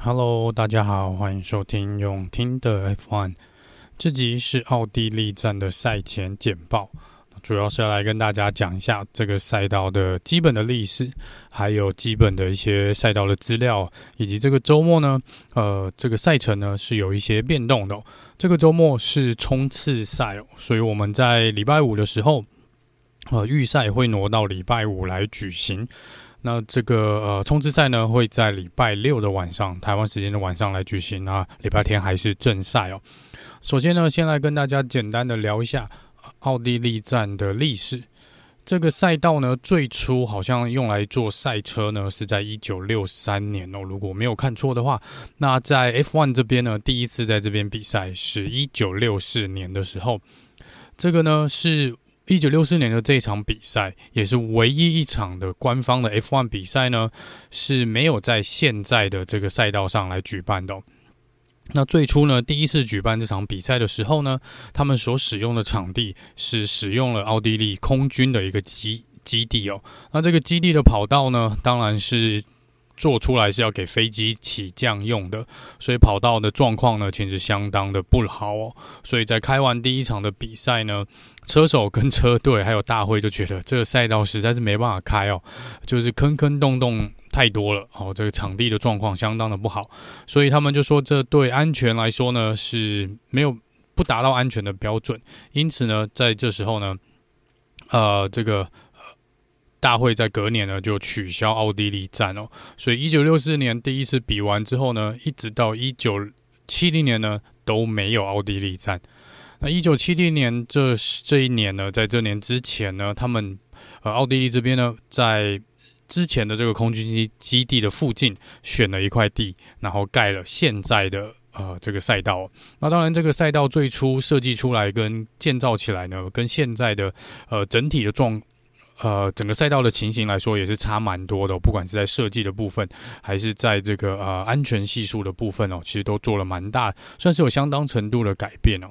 Hello，大家好，歡迎收聽用聽的 F1。這集是奧地利站的賽前簡報，主要是要來跟大家講一下這個賽道的基本的歷史，還有基本的一些賽道的資料，以及這個周末呢，呃，這個賽程呢是有一些變動的喔。這個周末是衝刺賽喔，所以我們在禮拜五的時候，呃，預賽會挪到禮拜五來舉行。那這個呃，衝刺賽呢會在禮拜六的晚上，台灣時間的晚上來舉行啊。那禮拜天還是正賽哦。首先呢，先來跟大家簡單的聊一下奧地利站的歷史。這個賽道呢，最初好像用來做賽車呢是在一九六三年哦，如果沒有看錯的話。那在 F1 這邊呢，第一次在這邊比賽是一九六四年的時候。這個呢是。一九六四年的這一場比賽，也是唯一一場的官方的 F1 比賽呢，是沒有在現在的這個賽道上來舉辦的喔。那最初呢，第一次舉辦這場比賽的時候呢，他們所使用的場地是使用了奧地利空軍的一個基基地哦。那這個基地的跑道呢，當然是。做出來是要給飛機起降用的，所以跑道的狀況呢，其實相當的不好哦。所以在開完第一場的比賽呢，車手跟車隊還有大會就覺得這個賽道實在是沒辦法開哦，就是坑坑洞洞太多了哦，這個場地的狀況相當的不好，所以他們就說這對安全來說呢是沒有不達到安全的標準，因此呢，在這時候呢，呃，這個。大會在隔年呢就取消奧地利站哦，所以一九六四年第一次比完之後呢，一直到一九七零年呢都沒有奧地利站。那一九七零年這這一年呢，在這年之前呢，他們呃奧地利這邊呢，在之前的這個空軍基基地的附近選了一塊地，然後蓋了現在的呃這個賽道。那當然，這個賽道最初設計出來跟建造起來呢，跟現在的呃整體的狀。呃，整個賽道的情形來說也是差蠻多的哦，不管是在設計的部分，還是在這個呃安全係數的部分哦，其實都做了蠻大，算是有相當程度的改變哦。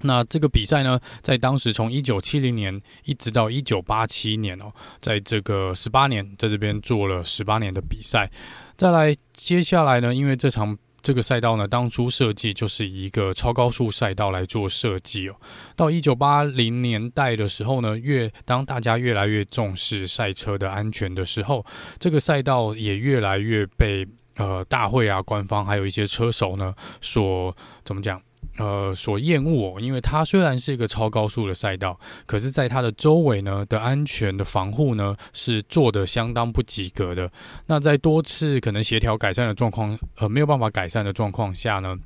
那這個比賽呢，在當時從一九七零年一直到一九八七年哦，在這個十八年，在這邊做了十八年的比賽。再來，接下來呢，因為這場。這個賽道呢，當初設計就是一個超高速賽道來做設計哦。到一九八零年代的時候呢，越當大家越來越重視賽車的安全的時候，這個賽道也越來越被呃大會啊、官方還有一些車手呢所怎麼講？呃，所厭惡，哦，因為它雖然是一個超高速的賽道，可是，在它的周圍呢的安全的防護呢是做的相當不及格的。那在多次可能協調改善的狀況，呃，沒有辦法改善的狀況下呢，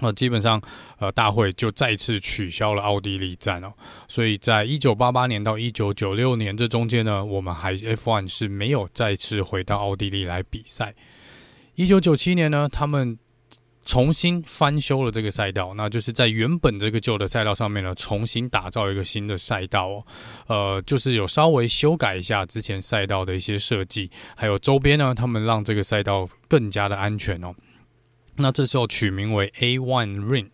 那、呃、基本上，呃，大會就再次取消了奧地利站哦。所以在一九八八年到一九九六年這中間呢，我們還 F1 是沒有再次回到奧地利來比賽。一九九七年呢，他們。重新翻修了這個賽道，那就是在原本這個舊的賽道上面呢，重新打造一個新的賽道哦。呃，就是有稍微修改一下之前賽道的一些設計，還有周邊呢，他們讓這個賽道更加的安全哦。那這時候取名為 A1 Ring，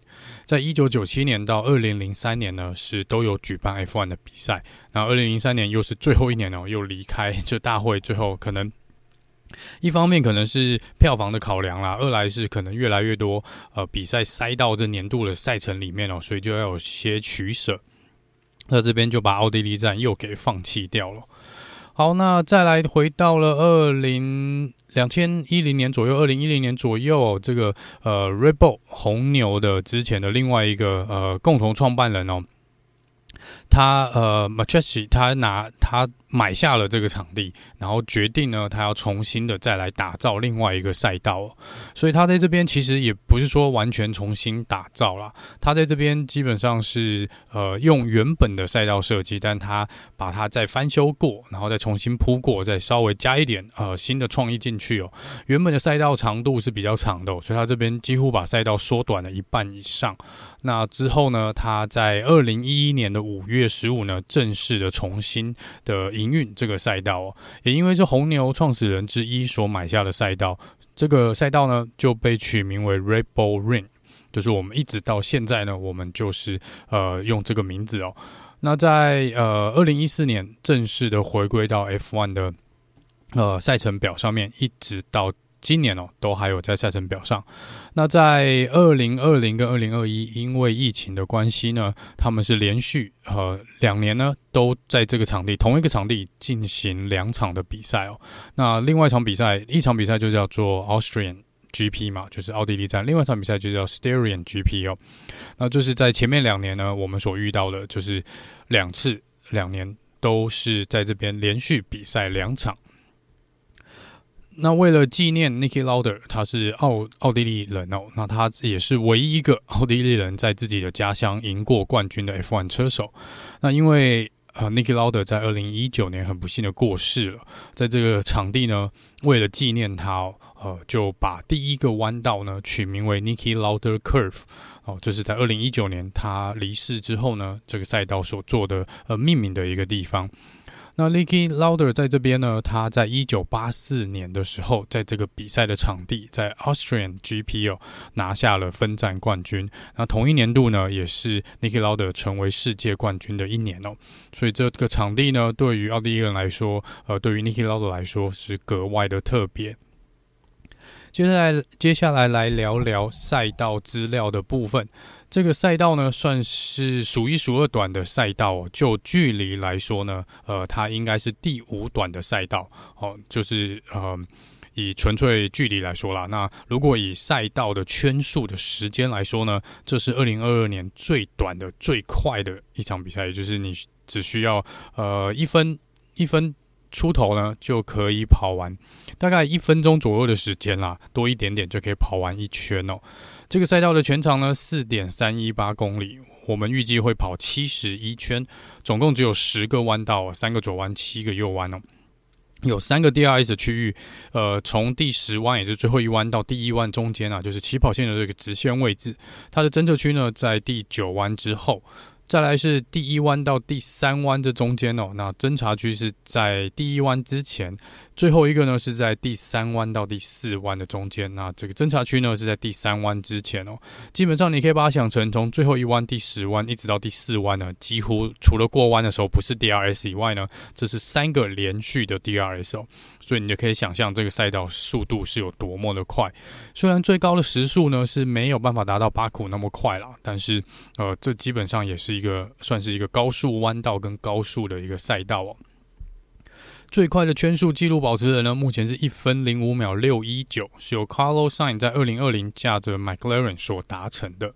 在一九九七年到二零零三年呢，是都有舉辦 F1 的比賽。那二零零三年又是最後一年哦，又離開就大會，最後可能。一方面可能是票房的考量啦，二來是可能越來越多呃比賽塞到這年度的賽程裡面哦、喔，所以就要有些取捨。那這邊就把奧地利站又給放棄掉了。好，那再來回到了二零兩千一零年左右，二零一零年左右、喔、這個呃 Red Bull 紅牛的之前的另外一個呃共同創辦人哦、喔，他呃 Mateschitz 他拿他。買下了這個場地，然後決定呢，他要重新的再來打造另外一個賽道。所以他在這邊其實也不是說完全重新打造了，他在這邊基本上是呃用原本的賽道設計，但他把它再翻修過，然後再重新鋪過，再稍微加一點呃新的創意進去哦。原本的賽道長度是比較長的，所以他這邊幾乎把賽道縮短了一半以上。那之後呢，他在二零一一年的五月十五呢，正式的重新的，營運這個賽道哦，也因為是紅牛創始人之一所買下的賽道，這個賽道呢，就被取名為 Red Bull Ring，就是我們一直到現在呢，我們就是呃用這個名字哦。那在呃2014年正式的回歸到 F1 的呃賽程表上面，一直到。今年哦，都還有在賽程表上。那在二零二零跟二零二一，因為疫情的關係呢，他們是連續呃兩年呢都在這個場地同一個場地進行兩場的比賽哦。那另外一場比賽，一場比賽就叫做 Austrian GP 嘛，就是奧地利站；另外一場比賽就叫 Styrian GP 哦、喔。那就是在前面兩年呢，我們所遇到的就是兩次，兩年都是在這邊連續比賽兩場。那為了紀念 Niki Lauda，他是奧奧地利人哦、喔，那他也是唯一一個奧地利人在自己的家鄉贏過冠軍的 F1 車手。那因為呃 Niki Lauda 在二零一九年很不幸地過世了，在這個場地呢，為了紀念他、喔，呃，就把第一個彎道呢取名為 Niki Lauda Curve 哦、喔，就是在二零一九年他離世之後呢，這個賽道所做的呃命名的一個地方。那 Niki Lauder 在這邊呢，他在一九八四年的時候，在這個比賽的場地，在 Austrian GP 哦，拿下了分站冠軍。那同一年度呢，也是 Niki Lauder 成為世界冠軍的一年哦。所以這個場地呢，對於奧地利人來說，呃，對於 Niki Lauder 來說是格外的特別。接下來，接下來來聊聊賽道資料的部分。這個賽道呢，算是數一數二短的賽道。就距離來說呢，呃，它應該是第五短的賽道。哦，就是呃，以純粹距離來說啦。那如果以賽道的圈數的時間來說呢，這是二零二二年最短的、最快的一場比賽，也就是你只需要呃一分一分。出頭呢，就可以跑完，大概一分鐘左右的時間啦，多一點點就可以跑完一圈哦。這個賽道的全長呢，四點三一八公里，我們預計會跑七十一圈，總共只有十個彎道，三個左彎，七個右彎哦。有三個 DRS 區域，呃，從第十彎，也是最後一彎到第一彎中間啊，就是起跑線的這個直線位置，它的偵測區呢，在第九彎之後。再來是第一彎到第三彎這中間哦，那偵查區是在第一彎之前。最後一個呢，是在第三彎到第四彎的中間。那這個偵察區呢，是在第三彎之前哦。基本上你可以把它想成從最後一彎第十彎一直到第四彎呢，幾乎除了過彎的時候不是 DRS 以外呢，這是三個連續的 DRS 哦。所以你就可以想象這個賽道速度是有多麼的快。雖然最高的時速呢，是沒有辦法達到巴庫那麼快啦，但是呃，這基本上也是一個算是一個高速彎道跟高速的一個賽道哦。最快的圈速紀錄保持人呢，目前是一分零五秒六一九，是由 Carlos Sainz 在二零二零駕着 McLaren 所達成的。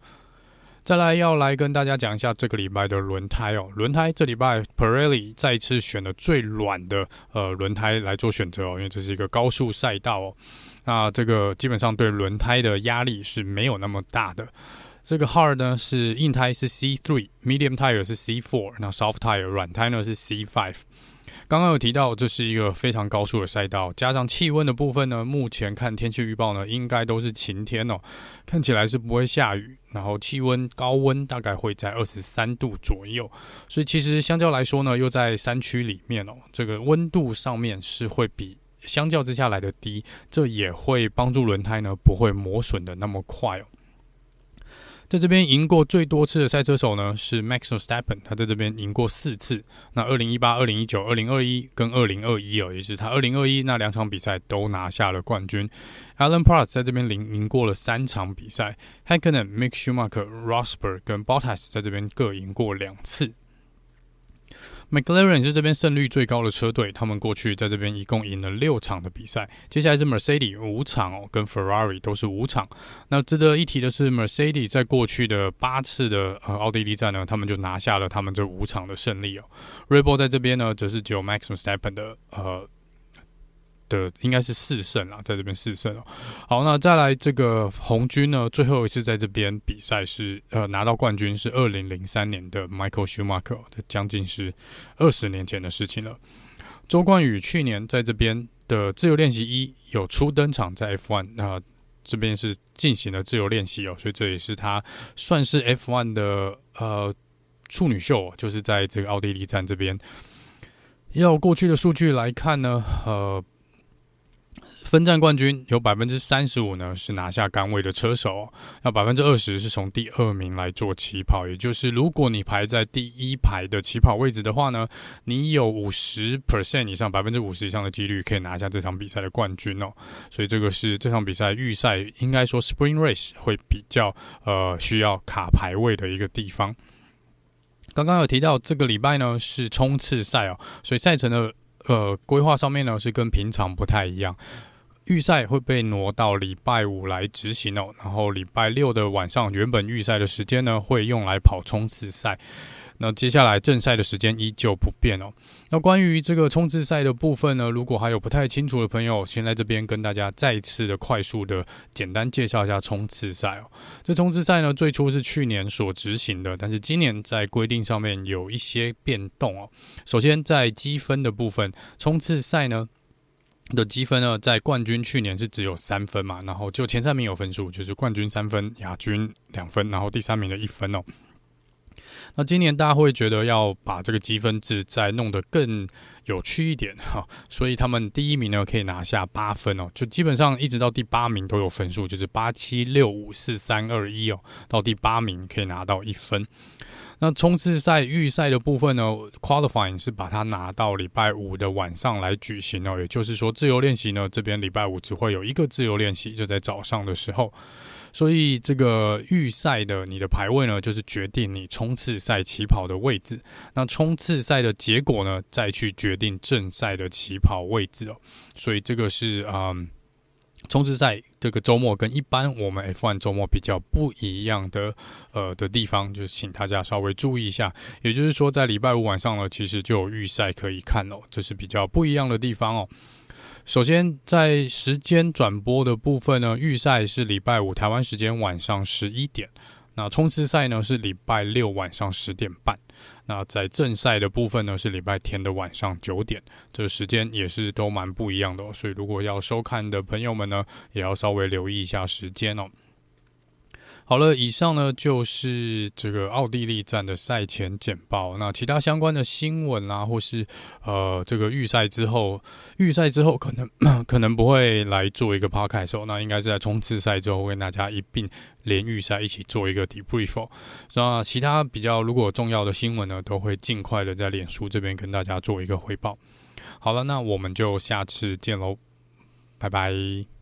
再來要來跟大家講一下這個禮拜的輪胎哦。輪胎這禮拜 Pirelli 再次選了最軟的呃輪胎來做選擇哦，因為這是一個高速賽道哦。那這個基本上對輪胎的壓力是沒有那麼大的。這個 Hard 呢是硬胎是 C three，Medium Tire 是 C four，那 Soft Tire 軟胎呢是 C five。剛剛有提到，這是一個非常高速的賽道，加上氣溫的部分呢，目前看天氣預報呢，應該都是晴天哦、喔，看起來是不會下雨，然後氣溫高溫大概會在二十三度左右，所以其實相較來說呢，又在山區裡面哦、喔，這個溫度上面是會比相較之下來得低，這也會幫助輪胎呢不會磨損的那麼快哦、喔。在這邊贏過最多次的賽車手呢，是 Max Verstappen，他在這邊贏過四次。那二零一八、二零一九、二零二一跟二零二一哦，也就是他二零二一那兩場比賽都拿下了冠軍。Alain Prost 在這邊贏贏過了三場比賽。Häkkinen、Mick Schumacher、Rosberg 跟 Bottas 在這邊各贏過兩次。McLaren 是這邊勝率最高的車隊，他們過去在這邊一共贏了六場的比賽。接下來是 Mercedes 五場哦，跟 Ferrari 都是五場。那值得一提的是，Mercedes 在過去的八次的呃奧地利站呢，他們就拿下了他們這五場的勝利哦。Red Bull 在這邊呢，則是只有 Max Verstappen 的呃。的應該是四勝啦，在這邊四勝哦、喔。好，那再來這個紅軍呢，最後一次在這邊比賽是呃拿到冠軍是二零零三年的 Michael Schumacher，這將近是二十年前的事情了。周冠宇去年在這邊的自由練習一有初登場在 F1，那這邊是進行了自由練習哦，所以這也是他算是 F1 的呃處女秀，就是在這個奧地利站這邊。要過去的數據來看呢，呃。分站冠軍有百分之三十五呢，是拿下桿位的車手喔，那百分之二十是從第二名來做起跑。也就是，如果你排在第一排的起跑位置的話呢，你有五十 percent 以上，百分之五十以上的幾率可以拿下這場比賽的冠軍哦。所以，這個是這場比賽預賽應該說 Sprint Race 會比較呃需要卡排位的一個地方。剛剛有提到這個禮拜呢是衝刺賽哦，所以賽程的呃規劃上面呢是跟平常不太一樣。預賽會被挪到禮拜五來執行哦，然後禮拜六的晚上原本預賽的時間呢，會用來跑衝刺賽。那接下來正賽的時間依舊不變哦。那關於這個衝刺賽的部分呢，如果還有不太清楚的朋友，先在這邊跟大家再次的快速的簡單介紹一下衝刺賽哦。這衝刺賽呢，最初是去年所執行的，但是今年在規定上面有一些變動哦。首先在積分的部分，衝刺賽呢。的積分呢，在冠軍去年是只有三分嘛，然後就前三名有分數，就是冠軍三分，亞軍兩分，然後第三名的一分哦。那今年大家會覺得要把這個積分制再弄得更有趣一點哈，所以他們第一名呢可以拿下八分哦，就基本上一直到第八名都有分數，就是八七六五四三二一哦，到第八名可以拿到一分。那衝刺賽預賽的部分呢，Qualifying 是把它拿到禮拜五的晚上來舉行哦。也就是說，自由練習呢這邊禮拜五只會有一個自由練習，就在早上的時候。所以這個預賽的你的排位呢，就是決定你衝刺賽起跑的位置。那衝刺賽的結果呢，再去決定正賽的起跑位置哦。所以這個是嗯衝刺賽。這個週末跟一般我們 F1 週末比較不一樣的，呃，的地方就是請大家稍微注意一下，也就是說，在禮拜五晚上呢，其實就有預賽可以看哦，這是比較不一樣的地方哦。首先，在時間轉播的部分呢，預賽是禮拜五臺灣時間晚上十一點。那衝刺賽呢是禮拜六晚上十點半，那在正賽的部分呢是禮拜天的晚上九點，這時間也是都蠻不一樣的喔，所以如果要收看的朋友們呢，也要稍微留意一下時間哦。好了，以上呢就是這個奧地利站的賽前簡報。那其他相關的新聞啊，或是呃這個預賽之後，預賽之後可能可能不會來做一個 podcast 哦，那應該是在衝刺賽之後，跟大家一併連預賽一起做一個 debrief 哦。那其他比較如果重要的新聞呢，都會盡快的在臉書這邊跟大家做一個匯報。好了，那我們就下次見嘍，拜拜。